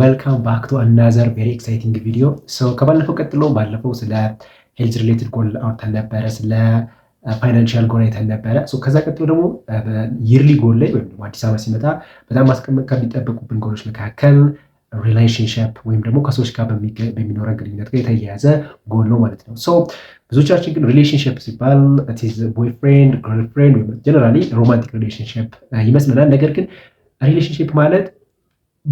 ዌልካም ባክ ቱ አናዘር ቬሪ ኤክሳይቲንግ ቪዲዮ። ከባለፈው ቀጥሎ ባለፈው ስለ ሄልዝ ሪሌትድ ጎል አውርተን ነበረ፣ ስለ ፋይናንሽል uh, ጎል አይተን ነበረ። ከዛ ቀጥሎ ደግሞ ይርሊ uh, ጎል ላይ ወይም አዲስ ዓመት ሲመጣ በጣም ማስቀመጥ ከሚጠበቁብን ጎሎች መካከል ሪላሽንሽፕ ወይም ደግሞ ከሰዎች ጋር በሚኖረን ግንኙነት ጋር የተያያዘ ጎል ነው ማለት ነው። ብዙዎቻችን ግን ሪሌሽንሽፕ ሲባል ቦይፍሬንድ፣ ግርልፍሬንድ፣ ወይም ጀነራሊ ሮማንቲክ ሪሌሽንሽፕ ይመስለናል። ነገር ግን ሪሌሽንሽፕ ማለት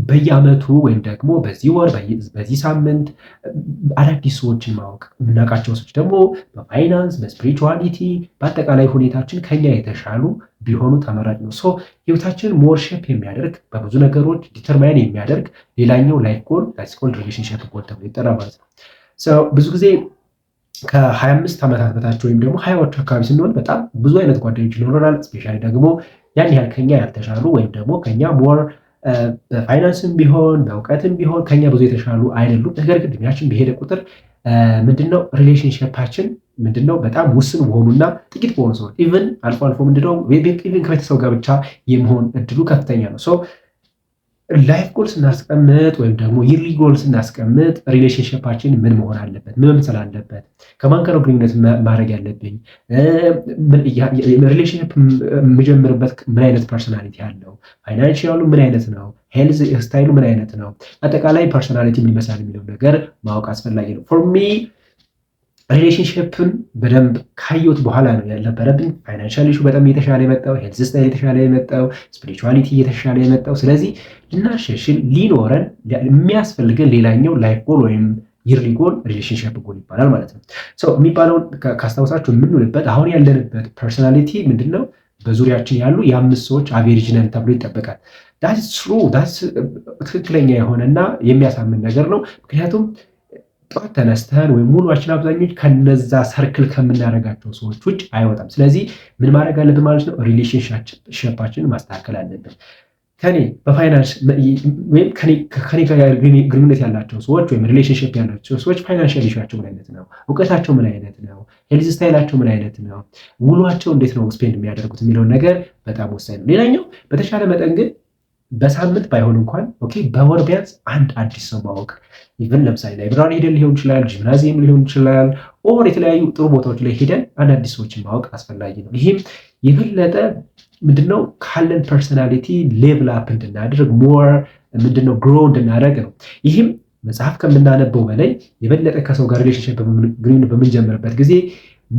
በየአመቱ ወይም ደግሞ በዚህ ወር በዚህ ሳምንት አዳዲስ ሰዎችን ማወቅ የምናውቃቸው ሰዎች ደግሞ በፋይናንስ በስፒሪቹዋሊቲ በአጠቃላይ ሁኔታችን ከኛ የተሻሉ ቢሆኑ ተመራጭ ነው። ሶ ህይወታችን ሞር የሚያደርግ በብዙ ነገሮች ዲተርማይን የሚያደርግ ሌላኛው ላይፍ ጎል ላይፍ ጎል ሪሌሽንሽፕ ጎል ተብሎ ይጠራ ማለት ነው። ብዙ ጊዜ ከ25 ዓመታት በታች ወይም ደግሞ ሀያዎቹ አካባቢ ስንሆን በጣም ብዙ አይነት ጓደኞች ይኖረናል። ስፔሻሊ ደግሞ ያን ያህል ከኛ ያልተሻሉ ወይም ደግሞ ከኛ ሞር በፋይናንስም ቢሆን በእውቀትም ቢሆን ከኛ ብዙ የተሻሉ አይደሉም። ነገር ግን እድሜያችን በሄደ ቁጥር ምንድነው ሪሌሽንሽፓችን ምንድነው በጣም ውስን በሆኑና ጥቂት በሆኑ ሰዎች ኢቨን አልፎ አልፎ ምንድነው ኢቨን ከቤተሰብ ጋር ብቻ የመሆን እድሉ ከፍተኛ ነው። ላይፍ ጎል ስናስቀምጥ ወይም ደግሞ ይርሊ ጎል ስናስቀምጥ ሪሌሽንሽፓችን ምን መሆን አለበት? ምን መምሰል አለበት? ከማን ጋር ግንኙነት ማድረግ ያለብኝ? ሪሌሽንሽፕ የምጀምርበት ምን አይነት ፐርሶናሊቲ አለው? ፋይናንሽያሉ ምን አይነት ነው? ሄልዝ ስታይሉ ምን አይነት ነው? አጠቃላይ ፐርሶናሊቲ ምን ይመስላል የሚለው ነገር ማወቅ አስፈላጊ ነው ፎር ሚ ሪሌሽንሽፕን በደንብ ካየሁት በኋላ ነው ያልነበረብኝ ፋይናንሻል ኢሹ በጣም እየተሻለ የመጣው ሄልዝ ስታይል እየተሻለ የመጣው ስፒሪቹዋሊቲ እየተሻለ የመጣው ስለዚህ ልናሸሽል ሊኖረን የሚያስፈልገን ሌላኛው ላይፍ ጎል ወይም ይርሊ ጎል ሪሌሽንሽፕ ጎል ይባላል ማለት ነው። የሚባለውን ካስታውሳችሁ የምንውልበት አሁን ያለንበት ፐርሶናሊቲ ምንድን ነው? በዙሪያችን ያሉ የአምስት ሰዎች አቬሬጅ ነን ተብሎ ይጠበቃል። uh, ትክክለኛ የሆነና የሚያሳምን ነገር ነው ምክንያቱም ጠዋት ተነስተን ወይም ውሏችን አብዛኞች ከነዛ ሰርክል ከምናደርጋቸው ሰዎች ውጭ አይወጣም። ስለዚህ ምን ማድረግ አለብን ማለት ነው? ሪሌሽንሽፓችንን ማስተካከል አለብን። ከኔ በፋይናንስ ወይም ከኔ ጋር ግንኙነት ያላቸው ሰዎች ወይም ሪሌሽንሽፕ ያላቸው ሰዎች ፋይናንሽል ኢሹያቸው ምን አይነት ነው? እውቀታቸው ምን አይነት ነው? ሄልዝ ስታይላቸው ምን አይነት ነው? ውሏቸው እንዴት ነው ስፔንድ የሚያደርጉት የሚለውን ነገር በጣም ወሳኝ ነው። ሌላኛው በተሻለ መጠን ግን በሳምንት ባይሆን እንኳን ኦኬ በወር ቢያንስ አንድ አዲስ ሰው ማወቅ ኢቨን ለምሳሌ ላይብራሪ ሄደን ሊሆን ይችላል፣ ጂምናዚየም ሊሆን ይችላል፣ ኦር የተለያዩ ጥሩ ቦታዎች ላይ ሄደን አንድ አዲስ ሰዎችን ማወቅ አስፈላጊ ነው። ይህም የበለጠ ምንድነው ካለን ፐርሰናሊቲ ሌቭል አፕ እንድናደርግ ሞር ምንድነው ግሮ እንድናደርግ ነው። ይህም መጽሐፍ ከምናነበው በላይ የበለጠ ከሰው ጋር ሪሌሽንሽፕ ግንኙነት በምንጀምርበት ጊዜ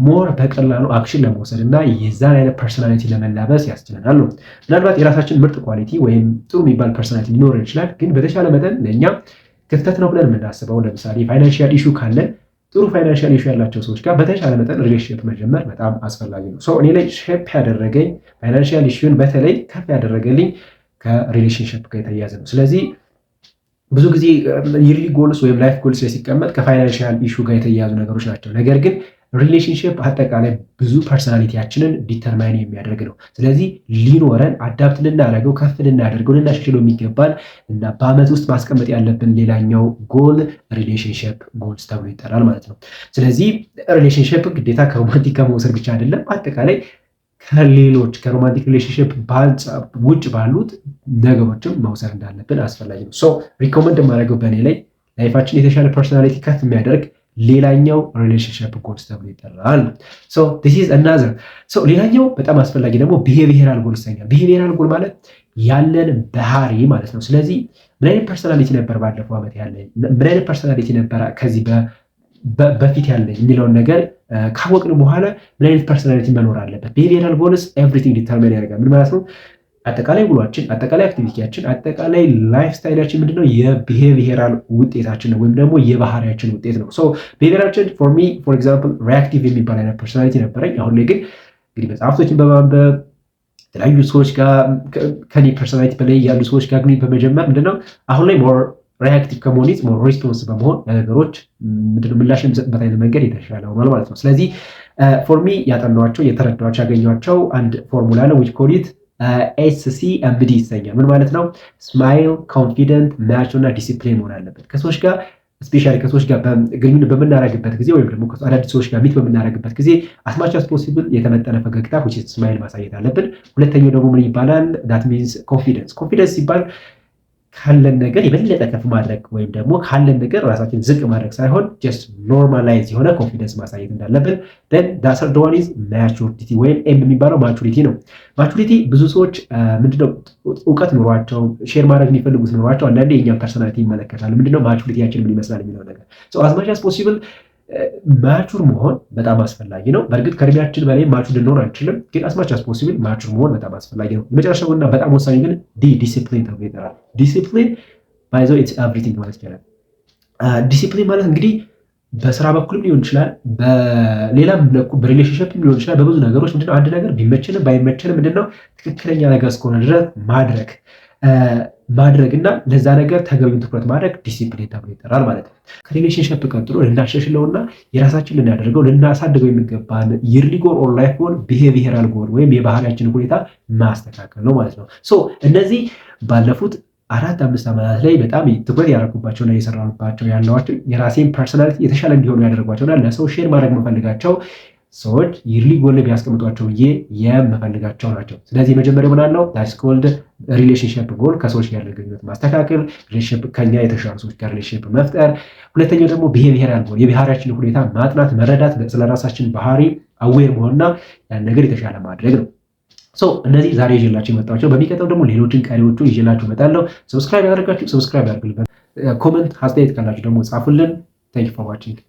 ሞር በቀላሉ አክሽን ለመውሰድ እና የዛን አይነት ፐርሶናሊቲ ለመላበስ ያስችለናሉ። ምናልባት የራሳችን ምርጥ ኳሊቲ ወይም ጥሩ የሚባል ፐርሶናሊቲ ሊኖረን ይችላል። ግን በተሻለ መጠን ለእኛ ክፍተት ነው ብለን የምናስበው ለምሳሌ ፋይናንሽል ኢሹ ካለን ጥሩ ፋይናንሽል ኢሹ ያላቸው ሰዎች ጋር በተሻለ መጠን ሪሌሽንሽፕ መጀመር በጣም አስፈላጊ ነው። እኔ ላይ ሼፕ ያደረገኝ ፋይናንሽል ኢሹን በተለይ ከፍ ያደረገልኝ ከሪሌሽንሽፕ ጋር የተያያዘ ነው። ስለዚህ ብዙ ጊዜ ይርሊ ጎልስ ወይም ላይፍ ጎልስ ላይ ሲቀመጥ ከፋይናንሽል ኢሹ ጋር የተያያዙ ነገሮች ናቸው። ነገር ግን ሪሌሽንሽፕ አጠቃላይ ብዙ ፐርሶናሊቲያችንን ዲተርማይን የሚያደርግ ነው። ስለዚህ ሊኖረን አዳፕት ልናደርገው ከፍ ልናደርገው ልናሻሽለው የሚገባል እና በአመት ውስጥ ማስቀመጥ ያለብን ሌላኛው ጎል ሪሌሽንሽፕ ጎልስ ተብሎ ይጠራል ማለት ነው። ስለዚህ ሪሌሽንሽፕ ግዴታ ከሮማንቲክ ከመውሰድ ብቻ አይደለም አጠቃላይ ከሌሎች ከሮማንቲክ ሪሌሽንሽፕ ውጭ ባሉት ነገሮችም መውሰድ እንዳለብን አስፈላጊ ነው። ሶ ሪኮመንድ የማደርገው በእኔ ላይ ላይፋችን የተሻለ ፐርሶናሊቲ ከፍ የሚያደርግ ሌላኛው ሪሌሽንሽፕ ጎልስ ተብሎ ይጠራል። ናዘር ሌላኛው በጣም አስፈላጊ ደግሞ ቢሄቪራል ጎል ይሰኛል። ቢሄቪራል ጎል ማለት ያለን ባህሪ ማለት ነው። ስለዚህ ምን አይነት ፐርሶናሊቲ ነበር ባለፈው ዓመት ያለኝ፣ ምን አይነት ፐርሶናሊቲ ነበረ ከዚህ በፊት ያለኝ የሚለውን ነገር ካወቅን በኋላ ምን አይነት ፐርሶናሊቲ መኖር አለበት። ቢሄቪራል ጎልስ ኤቭሪቲንግ ዲተርሚን ያደርጋል። ምን ማለት ነው? አጠቃላይ ውሏችን፣ አጠቃላይ አክቲቪቲያችን፣ አጠቃላይ ላይፍ ስታይላችን ምንድነው? የብሄብሄራል ውጤታችን ነው ወይም ደግሞ የባህሪያችን ውጤት ነው። ሶ ብሄብሄራችን ፎር ሚ ፎር ኤግዛምፕል ሪአክቲቭ የሚባል አይነት ፐርሶናሊቲ ነበረኝ። አሁን ላይ ግን እንግዲህ መጽሐፍቶችን በማንበብ የተለያዩ ሰዎች ጋር ከኔ ፐርሶናሊቲ በላይ ያሉ ሰዎች ጋር ግንኙነት በመጀመር ምንድነው አሁን ላይ ሞር ሪአክቲቭ ከመሆን ሞር ሪስፖንስ በመሆን ለነገሮች ምንድነው ምላሽ የሚሰጥበት አይነት መንገድ የተሻለ ሆኗል ማለት ነው። ስለዚህ ፎር ሚ ያጠናኋቸው የተረዳኋቸው አንድ ፎርሙላ ነው ዊች ኮሊት ኤስሲ ኤምዲ ይሰኛል። ምን ማለት ነው? ስማይል፣ ኮንፊደንት፣ ማቾ እና ዲሲፕሊን መሆን አለበት። ከሰዎች ጋር ስፔሻሊ ከሰዎች ጋር ግንኙነት በምናደርግበት ጊዜ ወይም ደግሞ አዳዲስ ሰዎች ጋር ሚት በምናደርግበት ጊዜ አስማች አስ ፖሲብል የተመጠነ ፈገግታ ስማይል ማሳየት አለብን። ሁለተኛው ደግሞ ምን ይባላል? ዳት ሚንስ ኮንፊደንስ። ኮንፊደንስ ሲባል ካለን ነገር የበለጠ ከፍ ማድረግ ወይም ደግሞ ካለን ነገር ራሳችን ዝቅ ማድረግ ሳይሆን ጀስት ኖርማላይዝ የሆነ ኮንፊደንስ ማሳየት እንዳለብን ን ዳሰርደዋን ማቹሪቲ ወይም ኤም የሚባለው ማቹሪቲ ነው። ማቹሪቲ ብዙ ሰዎች ምንድነው እውቀት ኑሯቸው ሼር ማድረግ የሚፈልጉት ኑሯቸው አንዳንዴ የኛም ፐርሶናሊቲ ይመለከታል። ምንድነው ማቹሪቲያችን ምን ይመስላል የሚለው ነገር አዝማች አስ ፖሲብል ማቹር መሆን በጣም አስፈላጊ ነው። በእርግጥ ከእድሜያችን በላይ ማቹር ልንሆን አንችልም፣ ግን አስማች አስ ፖሲብል ማቹር መሆን በጣም አስፈላጊ ነው። የመጨረሻውና በጣም ወሳኝ ግን ዲ ዲሲፕሊን ተብሎ ይጠራል። ዲሲፕሊን ባይዘው ኢትስ ኤቭሪቲንግ ማለት ይቻላል። ዲሲፕሊን ማለት እንግዲህ በስራ በኩልም ሊሆን ይችላል፣ በሌላም በሪሌሽንሽፕ ሊሆን ይችላል። በብዙ ነገሮች ምንድነው አንድ ነገር ቢመችንም ባይመችንም ምንድነው ትክክለኛ ነገር እስከሆነ ድረስ ማድረግ ማድረግ እና ለዛ ነገር ተገቢውን ትኩረት ማድረግ ዲሲፕሊን ተብሎ ይጠራል ማለት ነው። ከሪሌሽንሽፕ ቀጥሎ ልናሻሽለውና የራሳችን ልናደርገው ልናሳድገው የሚገባን ይርሊ ጎል ኦር ላይፍ ጎል ብሄቪሄራል ጎል ወይም የባህሪያችን ሁኔታ ማስተካከል ነው ማለት ነው። ሶ እነዚህ ባለፉት አራት አምስት ዓመታት ላይ በጣም ትኩረት ያደረጉባቸውና የሰራባቸው ያለዋቸው የራሴን ፐርሶናሊቲ የተሻለ እንዲሆኑ ያደረጓቸውና ለሰው ሼር ማድረግ መፈልጋቸው ሰዎች ይርሊ ጎን ቢያስቀምጧቸው ብዬ የምፈልጋቸው ናቸው። ስለዚህ የመጀመሪያው ምናለው ዳይስኮልድ ሪሌሽንሽፕ ጎል ከሰዎች ጋር ግንኙነት ማስተካከል፣ ከኛ የተሻሉ ሰዎች ጋር ሪሌሽንሽፕ መፍጠር። ሁለተኛው ደግሞ ብሄብሄራል ጎል የባህሪያችን ሁኔታ ማጥናት፣ መረዳት፣ ስለ ራሳችን ባህሪ አዌር መሆንና ያን ነገር የተሻለ ማድረግ ነው። እነዚህ ዛሬ ይዤላቸው የመጣቸው በሚቀጥለው ደግሞ ሌሎችን ቀሪዎቹ ይዤላችሁ እመጣለሁ። ሰብስክራይብ ያደርጋችሁ ሰብስክራይብ ያደርግልበት፣ ኮመንት አስተያየት ካላችሁ ደግሞ ጻፉልን። ታንክ ፎር ዋችንግ